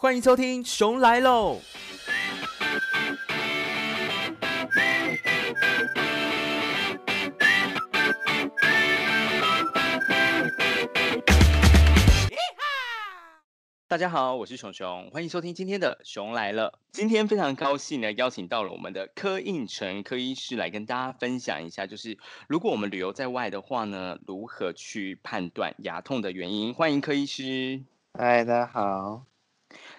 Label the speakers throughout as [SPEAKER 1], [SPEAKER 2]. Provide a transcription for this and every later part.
[SPEAKER 1] 歡迎收聽《熊來嘍》。咿哈！大家好，我是熊熊，歡迎收聽今天的《熊來了》。今天非常高興呢，邀請到了我們的柯映辰柯醫師來跟大家分享一下，就是如果我們旅遊在外的話呢，如何去判斷牙痛的原因？歡迎柯醫師，嗨，大家好。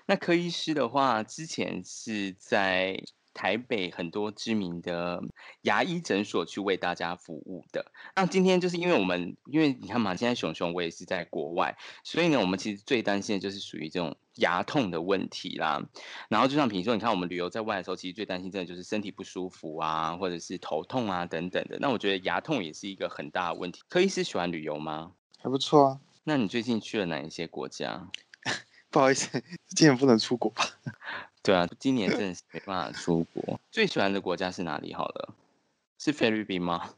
[SPEAKER 1] 那柯醫師的話，之前是在台北很多知名的牙醫診所去為大家服務的。那今天就是因為我們，因為你看嘛，現在熊熊我也是在國外，所以呢，我們其實最擔心的就是屬於這種牙痛的問題啦。然後就像譬如說，你看我們旅遊在外的時候，其實最擔心真的就是身體不舒服啊，或者是頭痛啊等等的。那我覺得牙痛也是一個很大的問題。柯醫師喜歡旅遊嗎？還不錯啊。那你最近去了哪一些國家？
[SPEAKER 2] 不好意思。今年不能出國吧？
[SPEAKER 1] 對啊，今年真的是沒辦法出國。 最喜歡的國家是哪裡？好了，是菲律賓嗎？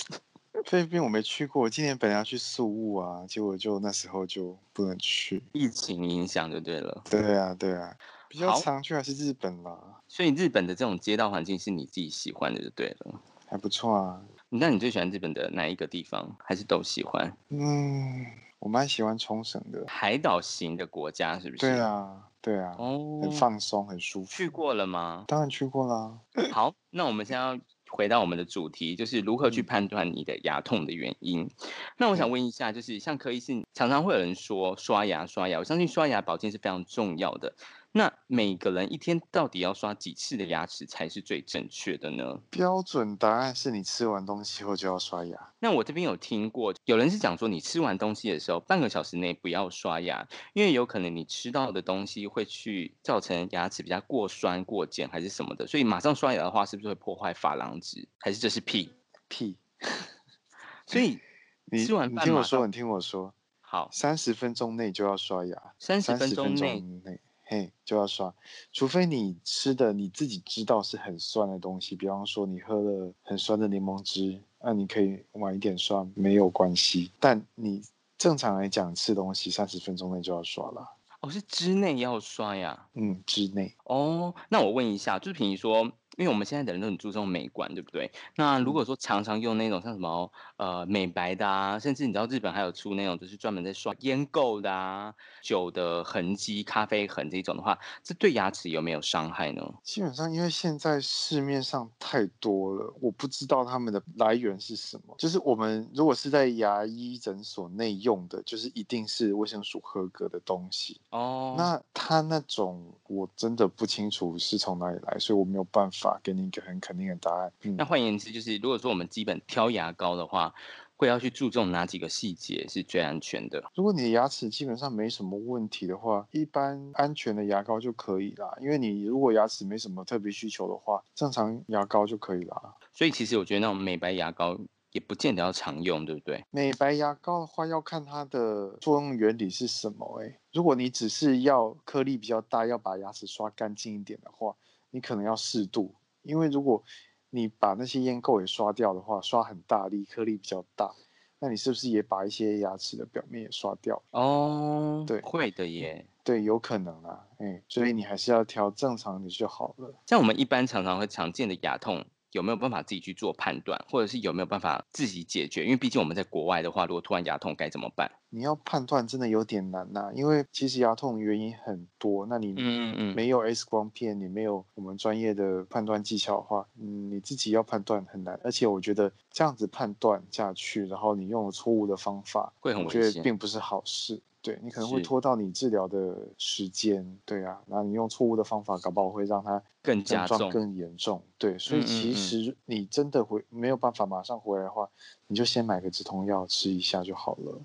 [SPEAKER 2] 菲律賓我沒去過，今年本來要去宿霧啊，結果就那時候就不能去，疫情影響就對了。對啊，對啊，比較常去還是日本嘛。
[SPEAKER 1] 所以日本的這種街道環境是你自己喜歡的就對了，還不錯啊。那你最喜歡日本的哪一個地方？還是都喜歡？
[SPEAKER 2] 嗯。
[SPEAKER 1] 我蠻喜歡沖繩的，海島型的國家是不是？對
[SPEAKER 2] 啊，對啊，哦、oh,，很放
[SPEAKER 1] 鬆，很舒服。去過了嗎？
[SPEAKER 2] 當然去過了、
[SPEAKER 1] 啊。 好，那我們先要回到我們的主題，就是如何去判斷你的牙痛的原因。嗯、那我想問一下，就是像柯醫師，常常會有人說刷牙，刷牙，我相信刷牙保健是非常重要的。那每個人一天到底要刷幾次的牙齒才是最正確的呢？
[SPEAKER 2] 標準答案是你吃完東西後就要刷牙。
[SPEAKER 1] 那我這邊有聽過，有人是講說你吃完東西的時候，半個小時內不要刷牙，因為有可能你吃到的東西會去造成牙齒比較過酸、過鹼還是什麼的，所以馬上刷牙的話，是不是會破壞
[SPEAKER 2] 珐琅質？還是這是屁？屁！ 所以你吃完你聽我說，你聽我說，好，三十分鐘內就要刷牙，三十分鐘內。Hey, 就要刷，除非你吃的你自己知道是很酸的東西，比方說你喝了很酸的檸檬汁，那、啊、你可以晚一點刷沒有關係。但你正常來講吃東西三十分鐘內就要刷了，
[SPEAKER 1] 哦，是之內要刷呀，嗯，之內。哦、oh，那我問一下，就是譬如說。因為我們現在的人都很注重美觀，對不對？那如果說常常用那種像什麼呃美白的啊，甚至你知道日本還有出那種就是專門在刷煙垢的啊、酒的痕跡、咖啡痕這種的話，這對牙齒有沒有傷害呢？
[SPEAKER 2] 基本上，因為現在市面上太多了，我不知道他們的來源是什麼。就是我們如果是在牙醫診所內用的，就是一定是衛生署合格的東西哦。Oh. 那他那種我真的不清楚是從哪裡來，所以我沒有辦法。給你一個很肯定的答案。嗯，
[SPEAKER 1] 那換言之，就是如果說我們基本挑牙膏的話，會要去注重哪幾個細節是最安全的？
[SPEAKER 2] 如果你的牙齒基本上沒什麼問題的話，一般安全的牙膏就可以啦。因為你如果牙齒沒什麼特別需求的話，正常牙膏就可以了。
[SPEAKER 1] 所以其實我覺得那種美白牙膏也不見得要常用，對不對？
[SPEAKER 2] 美白牙膏的話，要看它的作用原理是什麼？欸。誒，如果你只是要顆粒比較大，要把牙齒刷乾淨一點的話。你可能要適度，因為如果你把那些煙垢也刷掉的話，刷很大力，顆粒比較大，那你是不是也把一些牙齒的表面也刷掉？哦，對，會的耶，對，有可能啊，哎、欸，所以你還是要調正常的就好了。
[SPEAKER 1] 像我們一般常常會常見的牙痛，有沒有辦法自己去做判斷，或者是有沒有辦法自己解決？因為畢竟我們在國外的話，如果突然牙痛該怎麼辦？
[SPEAKER 2] 你要判斷真的有點難吶、啊，因為其實牙痛原因很多。那你嗯嗯沒有 X 光片，你沒有我們專業的判斷技巧的話，嗯你自己要判斷很難。而且我覺得這樣子判斷下去，然後你用了錯誤的方法，會很危險，覺得並不是好事。對你可能會拖到你治療的時間，對啊，那你用錯誤的方法，搞不好會讓它更加重、更嚴重。對，所以其實你真的會沒有辦法馬上回來的話，你就先買個止痛藥吃一下就好了。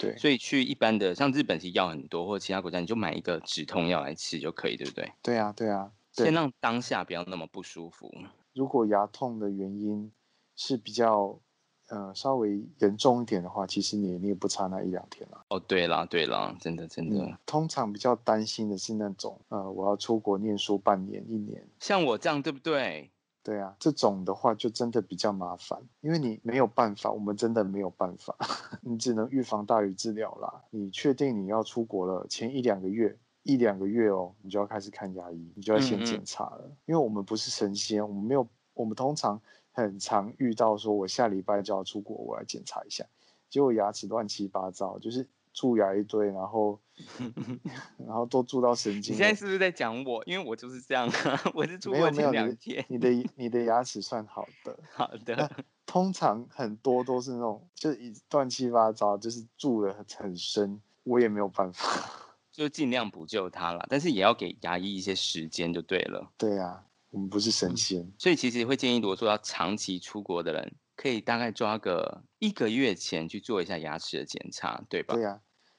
[SPEAKER 1] 對，所以去一般的像日本其實藥很多，或其他國家你就買一個止痛藥來吃就可以，對不對？
[SPEAKER 2] 對啊，對啊，對，先讓
[SPEAKER 1] 當下不要那麼不舒服。
[SPEAKER 2] 如果牙痛的原因是比較。呃，稍微嚴重一點的話，其實你也你也不差那一兩天了。哦，對啦，對啦，真的真的。通常比較擔心的是那種，呃，我要出國念書半年一年，像我這
[SPEAKER 1] 樣對不對？對啊，
[SPEAKER 2] 這種的話就真的比較麻煩，因為你沒有辦法，我們真的沒有辦法， 你只能預防大於治療啦。你確定你要出國了，前一兩個月一兩個月哦，你就要開始看牙醫，你就要先檢查了，嗯嗯，因為我們不是神仙，我們沒有。我們通常很常遇到，說我下禮拜就要出國，我要檢查一下，結果牙齒亂七八糟，就是蛀牙一堆，然後， 然後都蛀到神經。你現在
[SPEAKER 1] 是不是在講我？因為我就是這樣，啊，我是出國前兩天。你
[SPEAKER 2] 的你的，你的牙齒算好的。 好的，通常很多都是那種就是亂七八糟，就是蛀了很，很深，我也沒有辦法，
[SPEAKER 1] 就儘量補救它了，但是也要給牙醫一些時間就對了。
[SPEAKER 2] 對呀，啊。我們不是神仙，嗯，
[SPEAKER 1] 所以其實會建議，如果說要長期出國的人，可以大概抓個一個月前去做一下牙齒的檢查，對吧？對
[SPEAKER 2] 啊，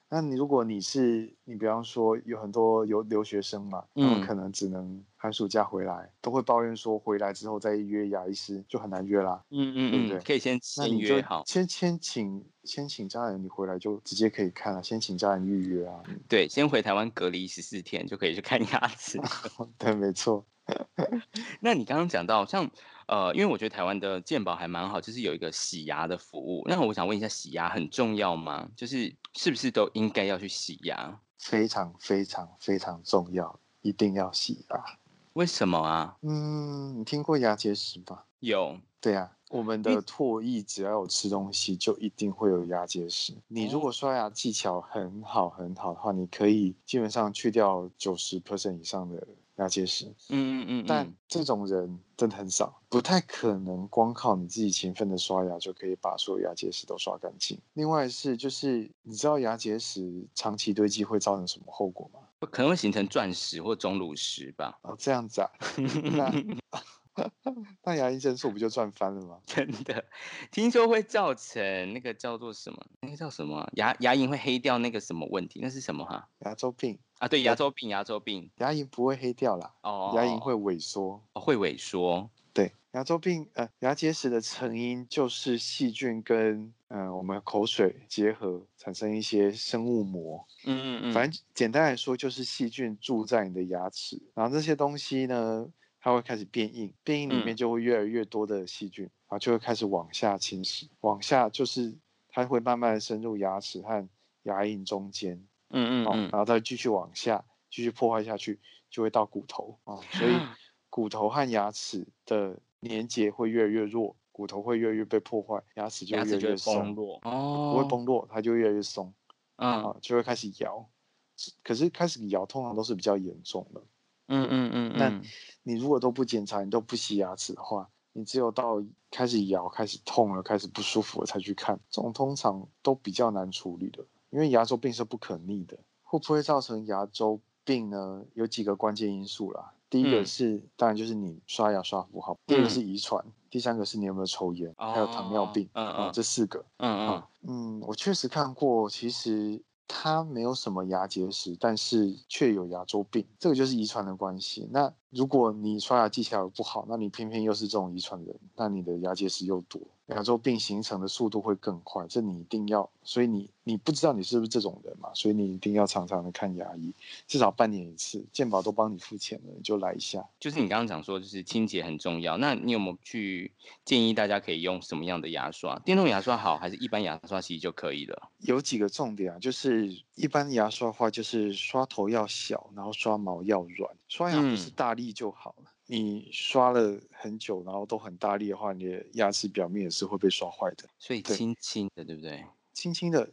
[SPEAKER 2] 那你如果你是，你比方說有很多留留學生嘛，那他們可能只能寒暑假回來，嗯，都會抱怨說回來之後再約牙醫師就很難約啦。嗯嗯對對，嗯，可以先先約好，先先，先請先請家人，你回來就直接可以看了，啊，先請家人預約啊。
[SPEAKER 1] 對，先回台灣隔離十四天就可以去看牙齒。 對，沒錯。 那你剛剛講到像呃，因為我覺得台灣的健保還蠻好，就是有一個洗牙的服務。那我想問一下，洗牙很重要嗎？就是是不是都應該要去洗牙？
[SPEAKER 2] 非常非常非常重要，一定要洗牙。為什麼啊？嗯，你聽過牙結石嗎？有。對啊，我們的唾液只要有吃東西，就一定會有牙結石。你如果刷牙技巧很好很好的話，你可以基本上去掉九十 percent 以上的人。牙結石，嗯嗯嗯，但這種人真的很少，不太可能光靠你自己勤奮的刷牙就可以把所有牙結石都刷乾淨。另外是，就是你知道牙結石長期堆積會造成什麼後果嗎？可能會形成鑽
[SPEAKER 1] 石或鐘乳石吧。哦，這樣子
[SPEAKER 2] 啊。 那牙齦增
[SPEAKER 1] 數不就賺翻了嗎？ 真的，聽說會造成那個叫做什麼？那個叫什麼、啊？牙牙齦會黑掉那個什麼問題？那是什麼哈、啊？牙周病啊，對，牙周病，牙，牙周
[SPEAKER 2] 病，牙齦不會黑掉啦。哦、oh,，牙齦會萎縮，oh, 會萎縮。對，牙周病，呃，牙結石的成因就是細菌跟嗯、呃、我們口水結合產生一些生物膜。嗯嗯嗯，反正簡單來說就是細菌住在你的牙齒，然後這些東西呢。它會開始變硬，變硬裡面就會越來越多的細菌，嗯、啊，就會開始往下侵蝕，往下就是它會慢慢深入牙齒和牙齦中間，
[SPEAKER 1] 嗯嗯嗯、哦，然
[SPEAKER 2] 後它繼續往下繼續破壞下去，就會到骨頭啊、哦，所以骨頭和牙齒的連接會越來越弱，骨頭會越來越被破壞，牙齒就越來越鬆落哦，不會崩落，它就越來越鬆，啊、嗯，就會開始搖，可是開始搖通常都是比較嚴重的。嗯嗯嗯，那、嗯嗯、你如果都不檢查，你都不洗牙齒的話，你只有到開始咬、開始痛了、開始不舒服了才去看，這種通常都比較難處理的，因為牙周病是不可逆的。會不會造成牙周病呢？有幾個關鍵因素啦，第一個是、嗯、當然就是你刷牙刷不好、嗯，第二個是遺傳，第三個是你有沒有抽菸，還有糖尿病，這四個，嗯嗯嗯，嗯，嗯，嗯，嗯，嗯，我確實看過，其實。他沒有什麼牙結石，但是卻有牙周病，這個就是遺傳的關係。那如果你刷牙技巧不好，那你偏偏又是這種遺傳人，那你的牙結石又多。牙周病形成的速度會更快，這你一定要。所以你你不知道你是不是這種人嘛，所以你一定要常常的看牙醫，至少半年一次。健保都幫你付錢了，你就來一下。
[SPEAKER 1] 就是你剛剛講說，就是清潔很重要。那你有沒有去建議大家可以用什麼樣的牙刷？電動牙刷好，還是一般牙刷其實就可以了？
[SPEAKER 2] 有幾個重點啊，就是一般牙刷的話，就是刷頭要小，然後刷毛要軟，刷牙不是大力就好。嗯你刷了很久，然後都很大力的話，你的牙齒表面也是會被刷壞的。所以輕輕的，對，輕輕的對不對？輕輕的，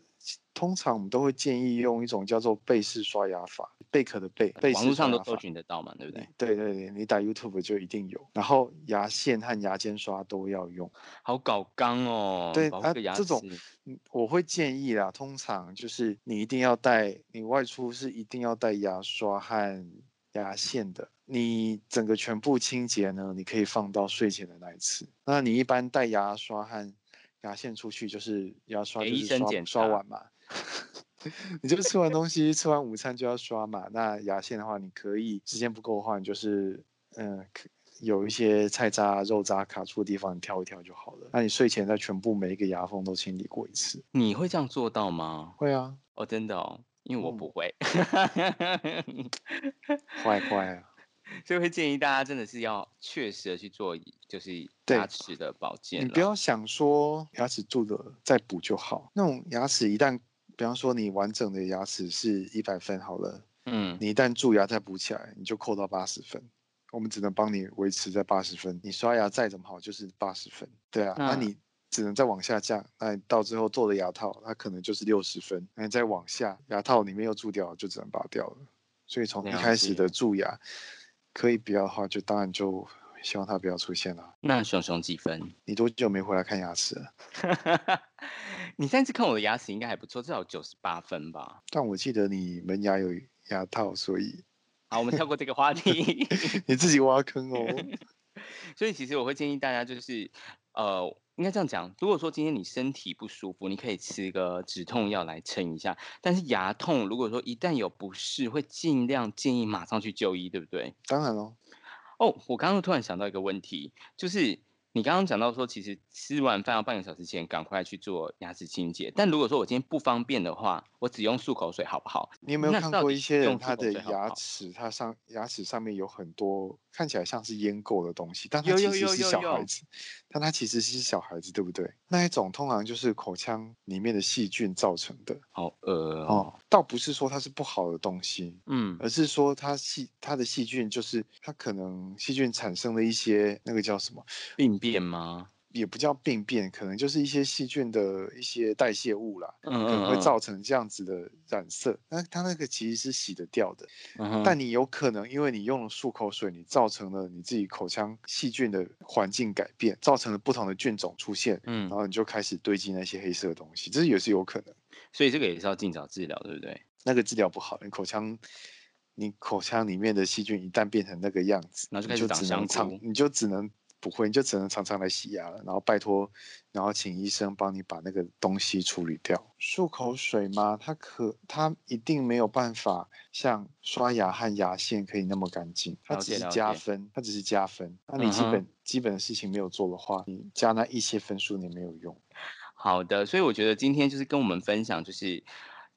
[SPEAKER 2] 通常我們都會建議用一種叫做貝氏刷牙法，貝殼的貝。貝啊、網絡上都搜
[SPEAKER 1] 尋得到嘛，對不對？
[SPEAKER 2] 對對對，你打 YouTube 就一定有。然後牙線和牙間刷都要用。
[SPEAKER 1] 好搞剛哦。對個牙啊，這種
[SPEAKER 2] 我會建議啦。通常就是你一定要帶，你外出是一定要帶牙刷和牙線的。嗯你整個全部清潔呢？你可以放到睡前的那一次。那你一般帶牙刷和牙線出去，就是牙刷，給醫生檢查刷，刷完嘛。 你就吃完東西， 吃完午餐就要刷嘛。那牙線的話，你可以時間不夠的話，你就是嗯，有一些菜渣、肉渣卡住的地方，你挑一挑就好了。那你睡前再全部每一個牙縫都清理過一次。
[SPEAKER 1] 你會這樣做到嗎？會啊，哦、oh, 真的哦？因為我不會，壞、嗯、壞 啊。所以會建議大家真的是要確實的去做，就是牙齒的保健。你不
[SPEAKER 2] 要想說牙齒蛀了再補就好。那種牙齒一旦，比方說你完整的牙齒是一百分好了，嗯，你一旦蛀牙再補起來，你就扣到八十分。我們只能幫你維持在八十分，你刷牙再怎麼好就是八十分，對啊，嗯，那你只能再往下降。那你到最後做的牙套，它可能就是六十分，那你再往下，牙套裡面又蛀掉了，就只能拔掉了。所以從一開始的蛀牙。可以不要的話，就當然就希望它不要出現了。那熊熊
[SPEAKER 1] 幾分？你多
[SPEAKER 2] 久沒回來看牙齒了？
[SPEAKER 1] 你上次看我的牙齒應該還不錯，至少有九十八分吧。
[SPEAKER 2] 但我記得你門牙有牙套，所以…… 好，
[SPEAKER 1] 我們跳過這個話題。
[SPEAKER 2] 你自己挖坑哦。
[SPEAKER 1] 所以其實我會建議大家就是。呃，應該這樣講，如果說今天你身體不舒服，你可以吃個止痛藥來撐一下。但是牙痛，如果說一旦有不適，會盡量建議馬上去就醫，對不對？
[SPEAKER 2] 當然了，
[SPEAKER 1] 哦，我剛剛突然想到一個問題，就是。你剛剛講到說，其實吃完飯要半個小時前趕快去做牙齒清潔。但如果說我今天不方便的話，我只用漱口水，好不好？
[SPEAKER 2] 你有沒有看過一些人，他的牙齒，他上牙齒上面有很多看起來像是煙垢的東西，但他其實是小孩子，但他其實是小孩子，對不對？那一種通常就是口腔裡面的細菌造成的。哦、呃、哦，倒不是說它是不好的東西，嗯，而是說它細，它的細菌，就是它可能細菌產生了一些那個叫什麼病變嗎？也不叫病變，可能就是一些細菌的一些代謝物啦，嗯嗯嗯，可能會造成這樣子的染色。那它那個其實是洗得掉的，嗯，但你有可能因為你用了漱口水，你造成了你自己口腔細菌的環境改變，造成了不同的菌種出現，嗯，然後你就開始堆積那些黑色的東西，這也是有可能。所以這個也是要儘早治療，嗯，對不對？那個治療不好，你口腔，你口腔裡面的細菌一旦變成那個樣子，那就只能長，你就只能。不會，你就只能常常來洗牙了，然後拜託，然後請醫生幫你把那個東西處理掉。漱口水嗎？它可它一定沒有辦法像刷牙和牙線可以那麼乾淨。它只是加分，Okay, okay. 它只是加分。那你基本、Uh-huh. 基本的事情沒有做的話，你加那一些分數你沒有用。
[SPEAKER 1] 好的，所以我覺得今天就是跟我們分享就是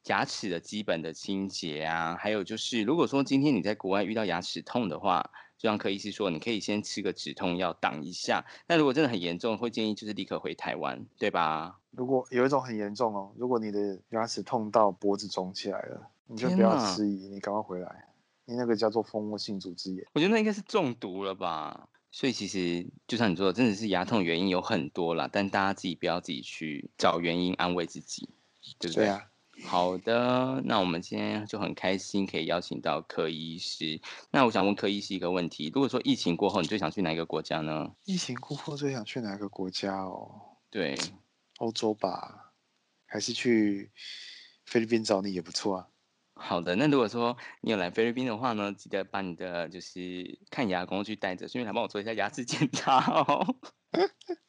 [SPEAKER 1] 牙齒的基本的清潔啊，還有就是如果說今天你在國外遇到牙齒痛的話。就像柯醫師說，你可以先吃個止痛藥擋一下。那如果真的很嚴重，會建議就是立刻回台灣，對吧？
[SPEAKER 2] 如果有一種很嚴重哦，如果你的牙齒痛到脖子腫起來了，啊，你就不要遲疑，你趕快回來。你那個叫做蜂窩性組織炎，
[SPEAKER 1] 我覺得那應該是中毒了吧？所以其實就像你說的，真的是牙痛的原因有很多啦，但大家自己不要自己去找原因安慰自己，對不對？對啊。好的，那我們今天就很開心可以邀請到柯醫師。那我想問柯醫師一個問題：如果說疫情過後，你最想去哪一個國家呢？
[SPEAKER 2] 疫情過後最想去哪個國家哦？對，歐洲吧，還是去菲律賓找你也不錯啊。
[SPEAKER 1] 好的，那如果說你有來菲律賓的話呢，記得把你的就是看牙工具帶着，順便來幫我做一下牙齒檢查
[SPEAKER 2] 哦。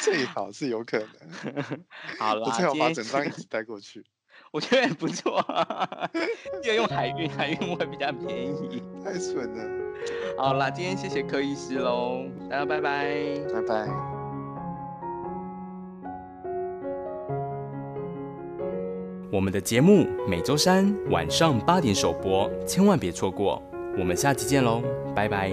[SPEAKER 2] 最好是有可能， 好了，我最好把整張椅子帶過去。 我覺得不錯，啊，要用海運，海運會比較便宜 。
[SPEAKER 1] 太蠢了！好啦，今天謝謝柯醫師嘍，大家拜拜，拜，拜， 拜拜。我們的節目每周三晚上八點首播，千萬別錯過。我們下期見嘍，拜拜。